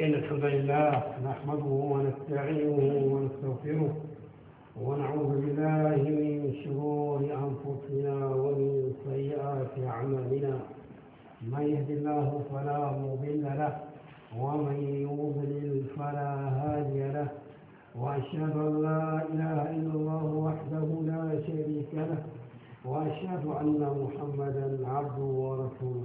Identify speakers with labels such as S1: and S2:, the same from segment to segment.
S1: إن الحمد لله نحمده ونستعينه ونستغفره ونعوذ بالله من شرور أنفسنا ومن سيئات أعمالنا من يهد الله فلا مضل له ومن يضلل فلا هادي له وأشهد أن لا إله إلا الله وحده لا شريك له وأشهد أن محمدا عبده ورسوله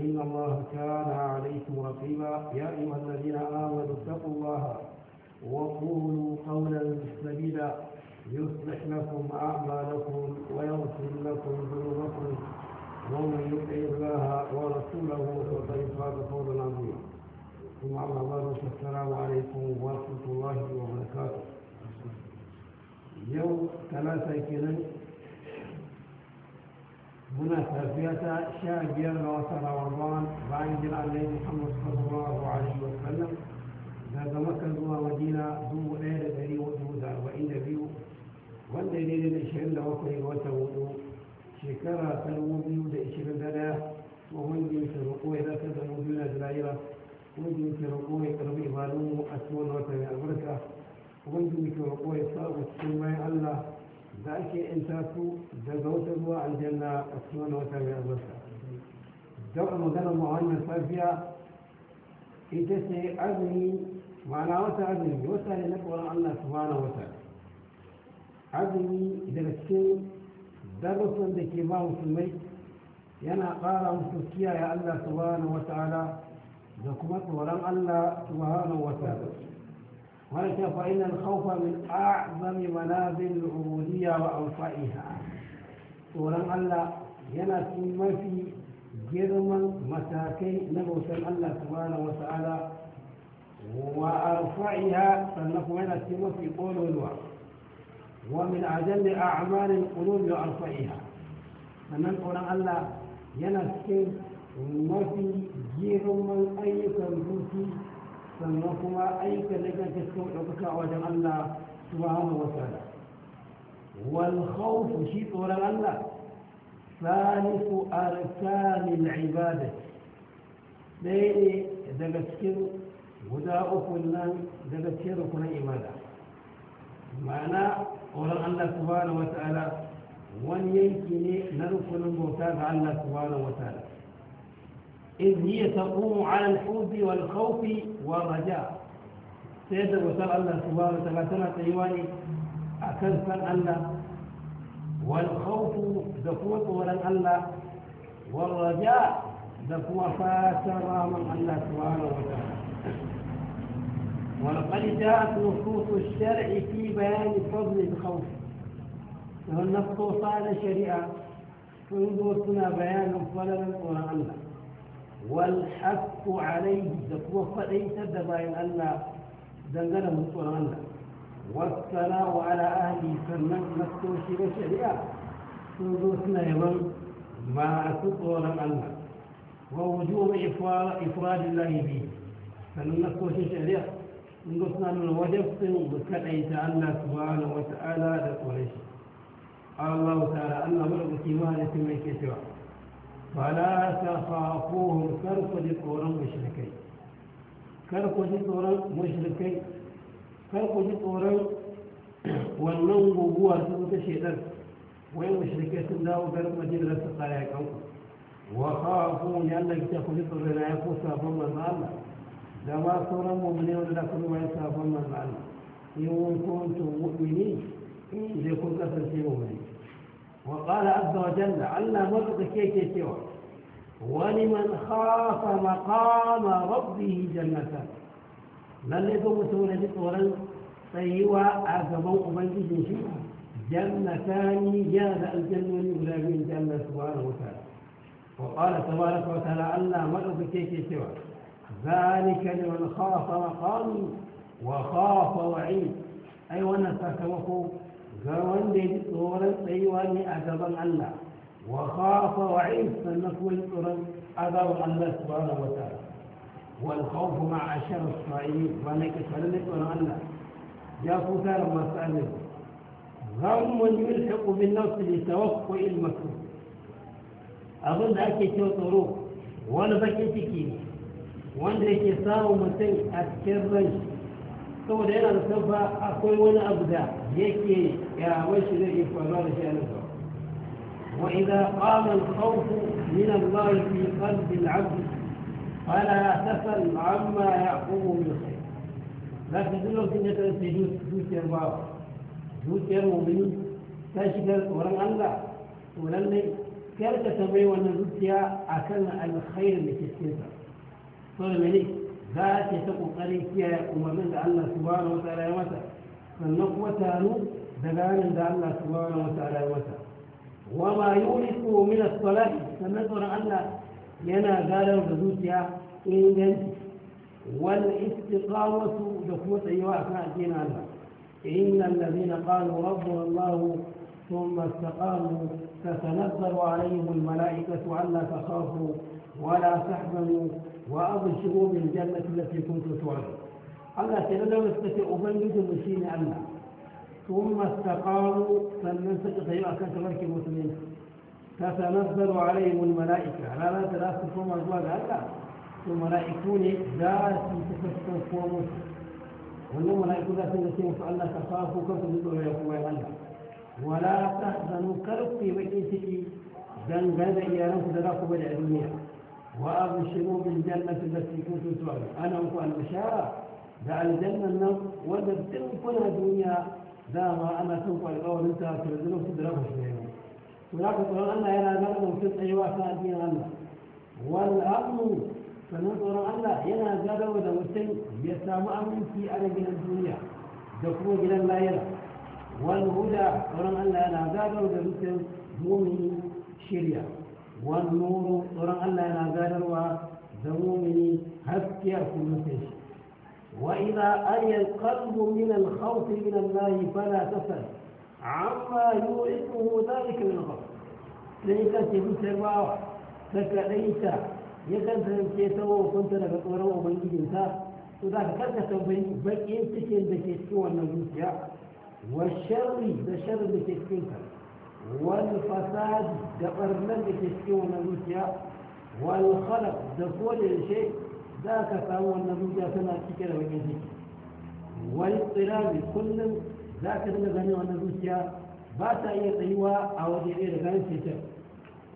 S1: إن الله كان عليكم رقيبا يا أيها الذين آمنوا اتقوا الله وقولوا قولا سديدا يصلح لكم أعمالكم ويغفر لكم ذنوبكم ومن يطع الله ورسوله فقد فاز فوزا عظيما ثم أما بعد السلام عليكم ورحمة الله وبركاته يوم ثلاثة كذا هناك ألفية شاعر بيان وصل رمضان بعيد عن النبي محمد صلى الله عليه وسلم هذا مكة زوا مدينة زوا ليلة دري وزوزة وإن بيو wanda ya daidai da ishirin da bakwai ga watan hudu shekara ta dubu biyu da ishirin da daya tsohon jinsu roƙo ya zartar da mu biyu na jira'ira wani jinsu roƙo ya karbi ibadun mu a cikin wata mai albarka wani jinsu roƙo ya sa cikin bayan allah da ake yanta su daga wata zuwa aljanna a cikin wani wata mai albarka don a maganar ma wannan safiya ita ce azumi ma'ana wata azumi wata ne na tsoron allah su mana wata azumi daga cikin darussan da ke ba musulmai yana ƙara musu kiyaye allah subhanahu wa ta'ala da kuma tsoron allah subhanahu wa ta'ala ولكن فإن الخوف من أعظم منازل العبودية وأوصائها ورن ألا ينا ما في جرما متاكي نبوسا الله سبحانه وتعالى وأرفعها فلنقم ينا في قول الوعد ومن أجل أعمال القلوب وأرفعها sannan tsoron Allah yana cikin في girman أي zuci سنوكما أي كذلك تسكم عبك وجم الله سبحانه وتعالى والخوف شيء طور الله ثالث أركان العبادة ديني دبتكر وداء كلنا دبتكر كل إيمانا معنى أولا الله سبحانه وتعالى وان يمكني نركن الموتاد على الله سبحانه وتعالى إذ هي تقوم على الحوض والخوف ورجاء سيد وسال الله سبحانه وتعالى سنة أيواني أكل سن الله والخوف دفوة ولن الله والرجاء دفوة فاترى من الله سبحانه وتعالى
S2: ولقد جاءت
S1: نصوص الشرع في بيان فضل الخوف فالنص صار شريعة منذ سنة بيان فضل ولن الله والحق عليه دكوا فدي تدباين الله دنگنا مصور الله والثناء على أهلي سنن مستوشي بشريعة سنوسنا يمن ما سطور الله ووجوب إفراد الله به سنن مستوشي شريعة سنوسنا من وجب سنوسنا الله سبحانه وتعالى دكوا الله تعالى أنه مرض كيمان يتمي كتبه fala ta fafohun karku ji tsoron mashirkai karku ji tsoron mashirkai karku ji tsoron wannan guguwa ta wuta shedar wai mashirkai sun dawo garin majalar su tsaya kanku wa kawo ya Allah ta ku ji tsoron ya ko sabon manzo Allah da ma sauran mummune wanda da kuma ya sabon manzo Allah in kun kuntum mu'mini in dai kun kasance mu'mini وقال عز وجل على مرض كيك سوى ولمن خاف مقام ربه جنتان لن يكون مسؤول بطورا سيوى أفضل أبنجي شيء جنتان جاد الجنة ولا من جنة سبحانه وتعالى وقال تبارك وتعالى على مرض كيك سوى ذلك لمن خاف مقامي وخاف وعيد أي أيوة وأنا ساكوكو ga wanda ya ji tsoron tsayuwa ne a gaban Allah wa khafa wa isa na kuma tsoron azabar Allah subhanahu wa ta'ala wal khawfu ma'a ashar sa'i wa na kasar ne tsoron Allah ya ku tara masu amin ghammun yulhaqu bin nafs li tawaqqu'i al makruf abin da ake cewa tsoro wani bakin ciki ne wanda yake samun mutum a cikin ranshi saboda yana da fa akwai wani abu da yake yawon shi zai yi faruwa da shi a nasa وإذا قام الخوف من الله في قلب العبد فلا تسل عما يعقوب من خير لا تدل سنة السجود دوسير باب دوسير مؤمن تشكر ورن الله ولن كرك تبعي وانا دوسيا أكل الخير لكي سنة صلى الله za ta ta kokarin kiyaye umarnin da Allah subhanahu wataala ya mata sannan kuma tanu da ranar da Allah subhanahu wataala ya mata wa ma yuliku min as-salati sannan tsoron Allah yana gadar da zuciya inganci wal istiqamatu da kuma tsayuwa akan addinin Allah إن الذين قالوا ربنا الله ثم استقاموا تتنزل عليهم الملائكة ألا تخافوا ولا تحزنوا وأبشروا بالجنة التي كنت توعدون الله سيدنا مستك أبلد مشين أنا ثم استقاموا فلنسك طيبا كثرة المسلمين تتنزل عليهم الملائكة لا لا ثلاثة ثم أجواد هذا ثم ملائكوني ذات تفسر فوموس والله ملائكة ذات نسيم فألا تخافوا كثرة يقوى الله ولا تحزنوا كرقي وإنسكي ذنب هذا إيران تدرق بدع الدنيا وأبشروا بالجنة التي كنتم تعلم أنا أقول أشاء دع الجنة النوم وده كل الدنيا ذا أنا تنقل القول أنت تنزله تدربه شوية ولكن القرآن أنا يلا ذنب في الأيوة الدين الله والأمن فننظر الله ينا ذنب وده مسلم يسامع من في أرجل الدنيا دخول إلى الله يلا والهدى قرآن الله ينا ذنب وده مسلم مؤمن شريعه والنور ترى الله لا زال روى ذموني هكي أكون مسيش وإذا أري القلب من الخوف من الله فلا تسأل عما يوئكه ذلك من الخوف ليس في مثل فك ليس يكن سلم كيسو وكنت لك طورو ومن جنسا وذاك كنت تبين بكين تشين بكيسو والنجوسيا والشر بشر بكيسو والفساد دقر دقرنا لتشكيونا نسيا والخلق دقول الشيء ذاك فهو النبي جاء سنة تكرة وجهك والاضطراب كل ذاك النبي والنبي باتا يطيوا أو دير غير كتير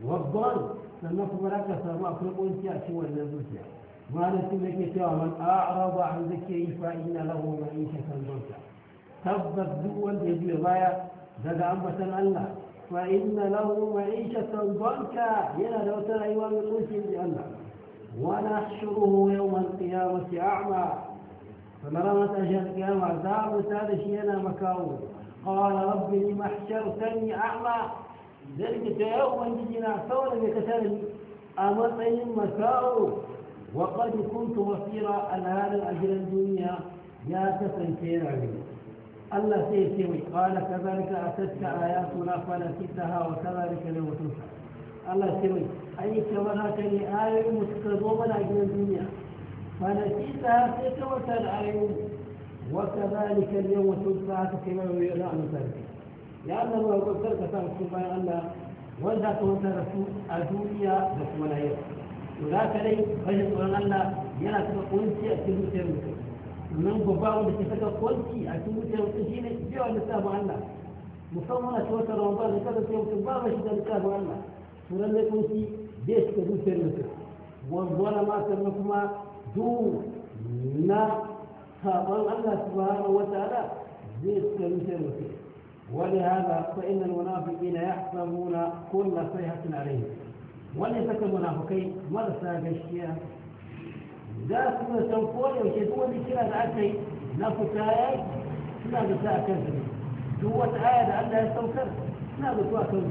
S1: والضال سنفهم لك سماء كل أنت سوى النبي ما نسمك سوى من أعرض عن ذكره فإن له معيشة ضنكا تبت دول الجديد ضايع ذا أنبة الله فإن له معيشة ضنكا هنا لو ترى أيوان يقول جهنم ونحشره يوم القيامة أعمى فنرى متى القيامة عذاب ثالث أنا مكاون قال رب لم حشرتني أعمى ذلك يوم جينا ثورة بكتاب أمطي مكاو وقد كنت بصيرا أن هذا الأجل الدنيا يا تفنتين عليك الله سيسوي قال كذلك أتتك آياتنا فنسيتها وكذلك اليوم الله سيسوي أي كما هكذا آية متكذوبة لأجل الدنيا فنسيتها سيكوة العيون وكذلك اليوم تنسى كما أن ذلك لأن الله يقول ذلك فأنتم يا الله وإذا كنت رسول الدنيا بسم الله وذاك لي فجد أن الله يلا تقول سيأتي بسم nan babba wanda ke saka kwanci a cikin wuce mutum shi ne cewa littafin Allah musamman a cikin watan Ramadan da kada sai mutum ba ba shi da littafin Allah to lalle kunci bai shiga zuciyar mutum wanzuwa ma sannan kuma duhu na saɓon Allah subhanahu wa ta'ala zai shiga zuciyar mutum ولهذا فإن المنافقين يحسبون كل صيحة عليهم وليس كالمنافقين مرسى بالشيئة za su da san koyaushe duk wani kira da aka yi na fita ya yi suna da sa a kansu ne duk wata aya da Allah ya saukar suna da su a kansu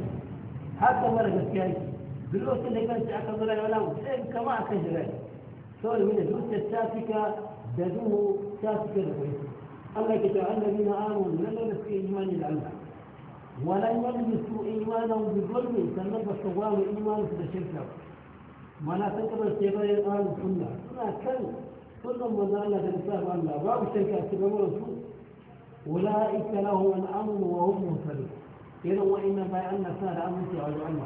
S1: haka mara gaskiya yi duk lokacin da kanci aka zura ya wani sai kama a kan jirai saboda wani zuciyar ta fika da duhu ta fika da kai Allah ke cewa Allah na amon nan da suke imani da Allah walan yalbisu imanan bi zulmi sannan ba su gwamu imanin su da shirka ولا تقبل غير القرآن والسنة لا كل كل من ظن في الإسلام أن لا باب الشركة سيبر والسنة أولئك لهم الامر وهم مهتدون إذا وإما بأن سهل أمن سيعود عنا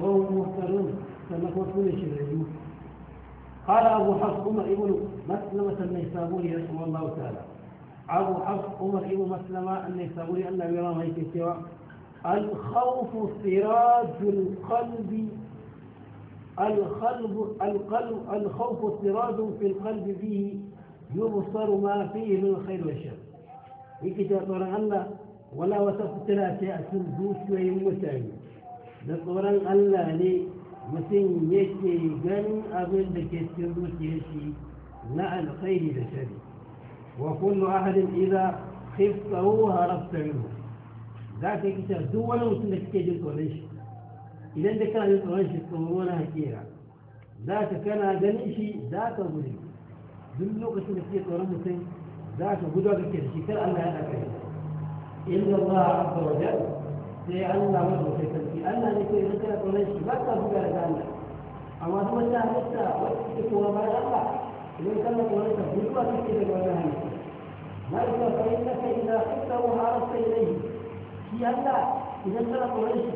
S1: وهم مهتدون سنكون شرعيون قال أبو حفص عمر ابن مسلمة النيسابوري رحمه الله تعالى أبو حفص عمر ابن مسلمة النيسابوري أن يرى ما الخوف سراج القلب القلب القلب الخوف اضطراد في القلب فيه يبصر ما فيه من الخير والشر يكتا قرآن الله ولا وتقتل تأس الدوش ويمتعي لقرآن الله لي مسن يشي جن أظن لك الدوش يشي لا الخير بشري وكل أحد إذا خفته هربت منه ذاك كتاب دول وسنك كجلت idan da kana jin tsoron shi tsoro na hakira za ka kana ganin shi za ka gudu duk lokacin da kake tsoron mutum za ka gudu kake da shi kar Allah ya ɗaka yi inda ba a abba sai Allah wanda wata sarki Allah ne kai idan kana tsoron shi ba ka buga da Allah amma kuma ta halitta wata kake kowa bayan Allah idan kana tsoron ka gudu ba kake da wannan halitta مالك فإنك إذا خفته عرفت إليه في الله إذا ترك وليس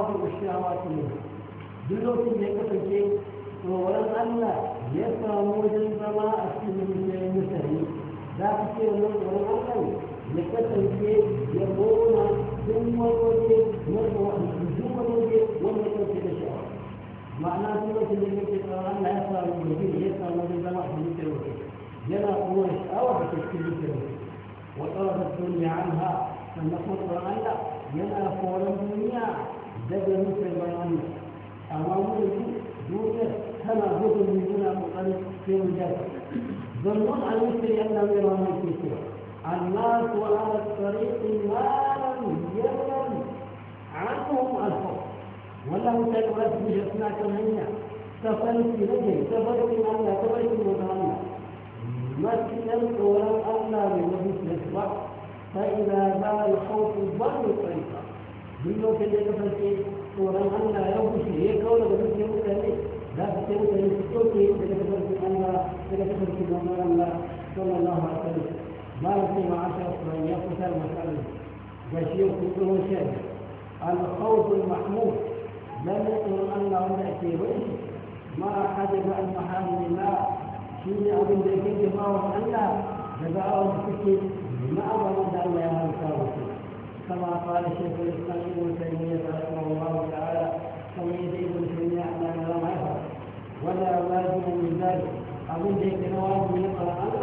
S1: a kullum duk lokacin da ya kasance tsoron Allah ya samu wajen zama a cikin mutane mutane za ka ce wannan tsoron Allah ya kasance ya gona sun waje wanda wani sun waje wanda ya kasance da sha'awa ma'ana sun lokacin da ya kasance tsoron Allah ya samu wajen ya samu wajen zama a cikin mutane mutane yana kuma sha'awa da cikin mutane wa tsawon duniya an ha sannan kuma tsoron Allah yana koran duniya daga nufin bayani amma mu yanzu duniyar tana gudun mu muna kokarin sai mu jasa zannun alwisir yadda mai ramai ke cewa الناس على الطريق ما لم يلم عنهم الخوف وله تلوث بجسنا كمهنة تفلت نجي تفلت الله تفلت مدرنا مسلم قولا الله بوجه الإسلام فإذا جاء الخوف ظل الطريقة دلو كده كفلتي أن لا يوم شيء كون قبل شيء مكاني لا تسير تاني تسوي كده كفلتي الله كده أن نور الله صلى الله عليه وسلم بارك معاشر من يقتل مثلا بشير كله شيء الخوف المحمود لم أن الله يأتي به ما أحد عن محارم الله شيء أبن ذكي ما الله جزاءه بسكين ما أظن أن لا يملك كما قال شيخ الإسلام ابن تيمية رحمه الله تعالى فمن يزيد ابن تيمية لا معرفة ولا واجب من ذلك أظن ذلك نواب من القرآن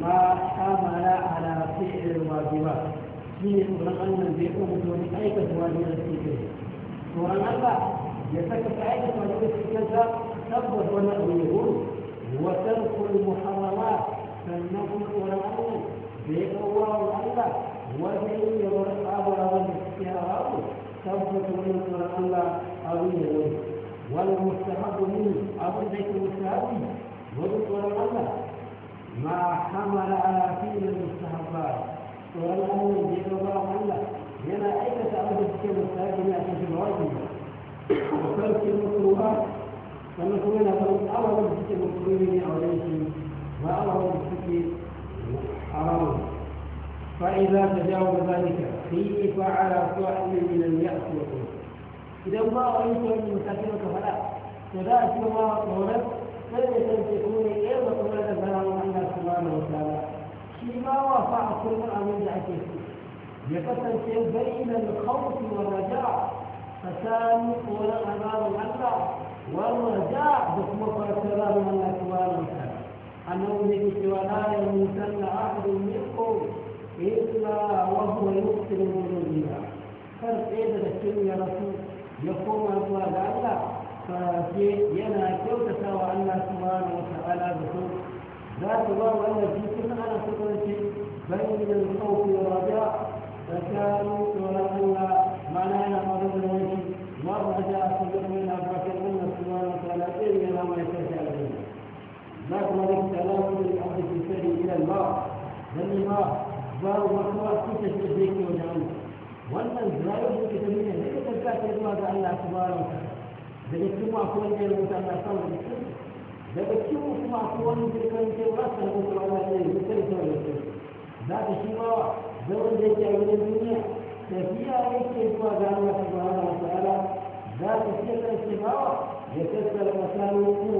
S1: ما حمل على فعل الواجبات shine tsoron Allah bai kuma wani aikata wani da suke kai tsoron Allah ya saka ta aikata wani da suke kanta tabbas wani abu sannan kuma tsoron da ya ɗauwa wa Allah wajen yi yawar abuwa da suke haramu tabbata wani tsoron Allah wani da wani wani mustahabu ne abin da yake mustahabi wani tsoron Allah ma hamala a filin mustahabba tsoron Allah da ya ɗauwa Allah yana aikata abu da suke mustahabi ne a cikin wajibi a? farkin mutuwa sannan kuma yana farin abubuwan da cikin mutuwa ne a wajen shi ba abubuwan da cikin. حرام فإذا تجاوز ذلك خيف على صاحب من أن يأكله إذا ما رأيت أن مساكنك فلا فذلك ما قولت فإن تنتقون إلى قولة فلا الله سبحانه وتعالى فيما وفع كل أمر عكسه يفتن بين الخوف والرجاء فسام ولا أمام الله والرجاء بكم فرسلان الله سبحانه وتعالى أنه يجد لا يموتن أحد منكم إلا وهو يقتل مؤمنا فالسيد الشم يا رسول يقوم أبواب الله فينا كيوت تساوى الله سبحانه وتعالى بسوء ذات الله وأن جيتنا على سبحانه بين الخوف والرجاء فكانوا ولا أن ما لا ينقض الوجه والرجاء سبحانه وتعالى لا طريق سلام للعبد في الفعل الى الماء بل الماء باب مكوى في تشبيك وجعله wannan zai da ta nuna ne ka tarka ta zuwa ga Allah subhanahu wa daga cikin masu wanda ya rubuta Allah sama da su daga cikin kuma masu wani jirgin ce ba su da kuma Allah ne ya kai ta da su shi ma zaman da yake a gidan duniya tafiya yake zuwa ga Allah subhanahu wa ta'ala za ka ce kan shi ma ya tattara masarufu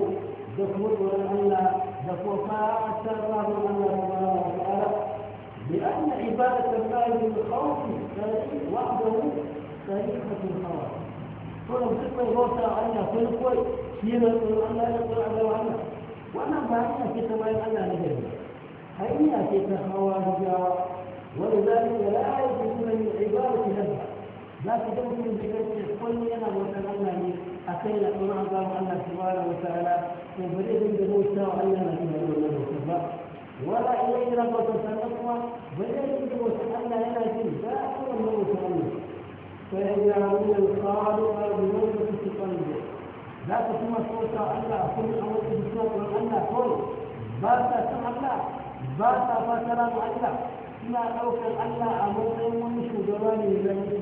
S1: da kuma tsoron Allah da kuma fatan rahon Allah subhanahu wa ta'ala bi anna ibadatu Allah bil khawf wahdahu tariqatu al-khawf to da duk mai bauta Allah kun koi shi ne tsoron Allah da tsoron Allah wannan wannan ba hanya ce ta bayan Allah ne gari hanya ce ta hawa rijawa ولذلك لا يجوز من العبادة لها لا تدور من ذكر كل أنا وتنمى أكل ما أعظم الله سبحانه وتعالى وبريد بموسى وأنا نحن أولنا وكفا ولا إليه رب ربك سنقوى بريد بموسى أنا أنا في ذاك وأنا وكفا فإذا هم القالوا أرجوك في قلبه ذاك ثم صوت الله كل أمر بصوت الله كل بارك سمع الله بارك فترى الله ina ɗaukar Allah a matsayin wani shugaba ne zai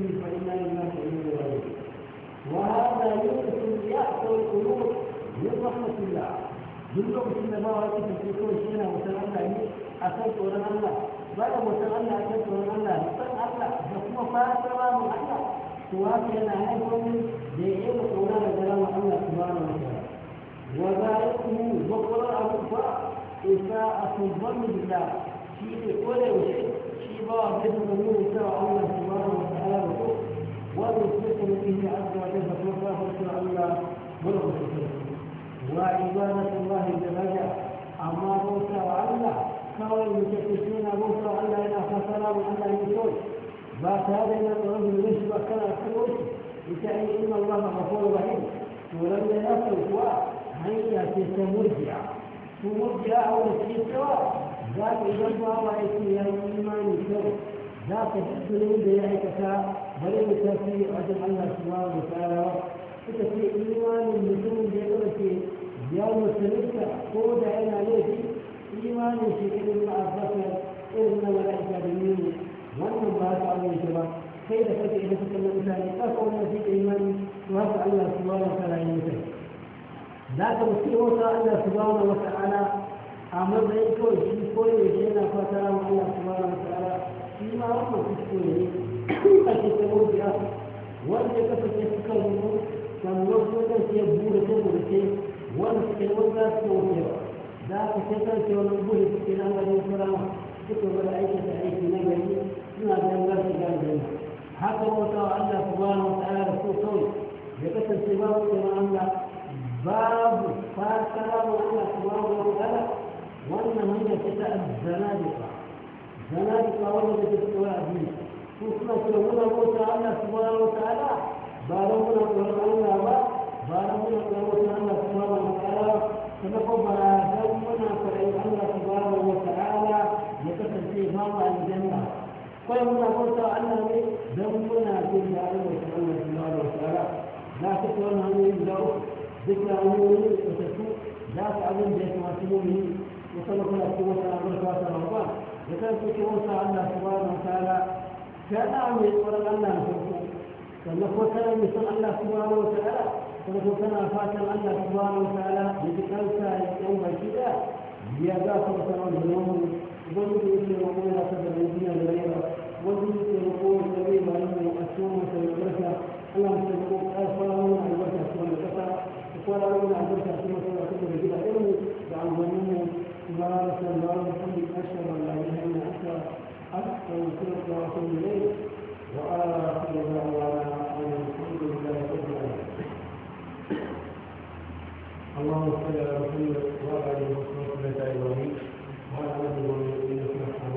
S1: من رحمة الله duk lokacin da ba wa yake tafi kawai shi yana wutar Allah ne a kan tsoron Allah ba da wutar Allah a kan tsoron Allah da san Allah da kuma fatan ramin Allah to haka yana haifar da ya yi tsoro da garan Allah subhanahu wa ta'ala wa zalikum wa qara al-kufa isa'atu dhanni billah shi ne kore wuce shi ba wa kai da mu ta Allah subhanahu wa ta'ala ko wa bi sirri bihi azza wa jalla wa Allah wa rahmatuhu وعبادة الله الدرجة أما موسى وعلا كانوا المتكسون موسى وعلا إلى فسلام وعلا يسول بعد هذا إلى الرجل المشبه كان الحلوش لتعني إن الله غفور رحيم ولم ينسوا وهي تتمرجع تمرجع أو تتسوى ذاك يجمع ويكون الإيمان يسوي ذاك تسلم بيعك بل يكفي أجل الله سبحانه وتعالى suka ce imanin mutumin da ya ɗauke ya musulunta ko da yana laifi imanin shi irin na abbasar irin na mala'ika da nuni wannan ba ta amince shi ba kai da kake idan suka na mutane ka kawo na shi imani to haka Allah su wa wata ya yi za ka mutu wata Allah subhanahu wata ala a matsayin kawai shi ko yaushe yana fata wa Allah subhanahu wa ta'ala shi ma wannan kuskure ne a cikin mutiya wanda ya kasance suka rubuta sannan kuma zan sai buɗe ta burce wanda suke wani za wuce ba za ka sai kan sai wani buɗe suke nan ganin kurama suke gwada aiki da aiki na gari suna ganin za su gane gari haka wata wa Allah subhanahu wa ta'ala da so kawai ya kasance babu kuma Allah babu fatara wa Allah subhanahu wa ta'ala wannan hanyar ta ta zanadiqa ba wanda take tsoya a duniya su suna cewa muna bauta Allah subhanahu wa ta'ala ba don kawai muna kwanta a Allah ne don muna jin daɗin da shi Allah shi wani wasu ala za su ci wani hanyoyi da zau duk na hanyoyi da tsotattu za su abin da ya kamata mummi musamman kuna ci wata abin da wata rabuwa da kan su ci wata Allah shi wani wasu ala ka ɗa mai Allah na farko sannan kuma kana mai son Allah shi wani wasu ala kuma kuma kana fatan Allah shi wani wasu ala da ji kansa ya ɗan baki ɗaya ya za su wata wani nomu ibanu da yake wani wasu albarka Allah mu sai ko fara mana albarka kuma da kasa ko fara mana albarka kuma da kasa da gida ilmu da alwanin mu ma sallallahu alaihi wa sallam la ilaha illa anta astaghfiruka wa atubu ilayk wa آخر دعوانا أن الحمد لله رب العالمين اللهم صل على محمد وعلى آله وصحبه وسلم وعلى آله وصحبه وسلم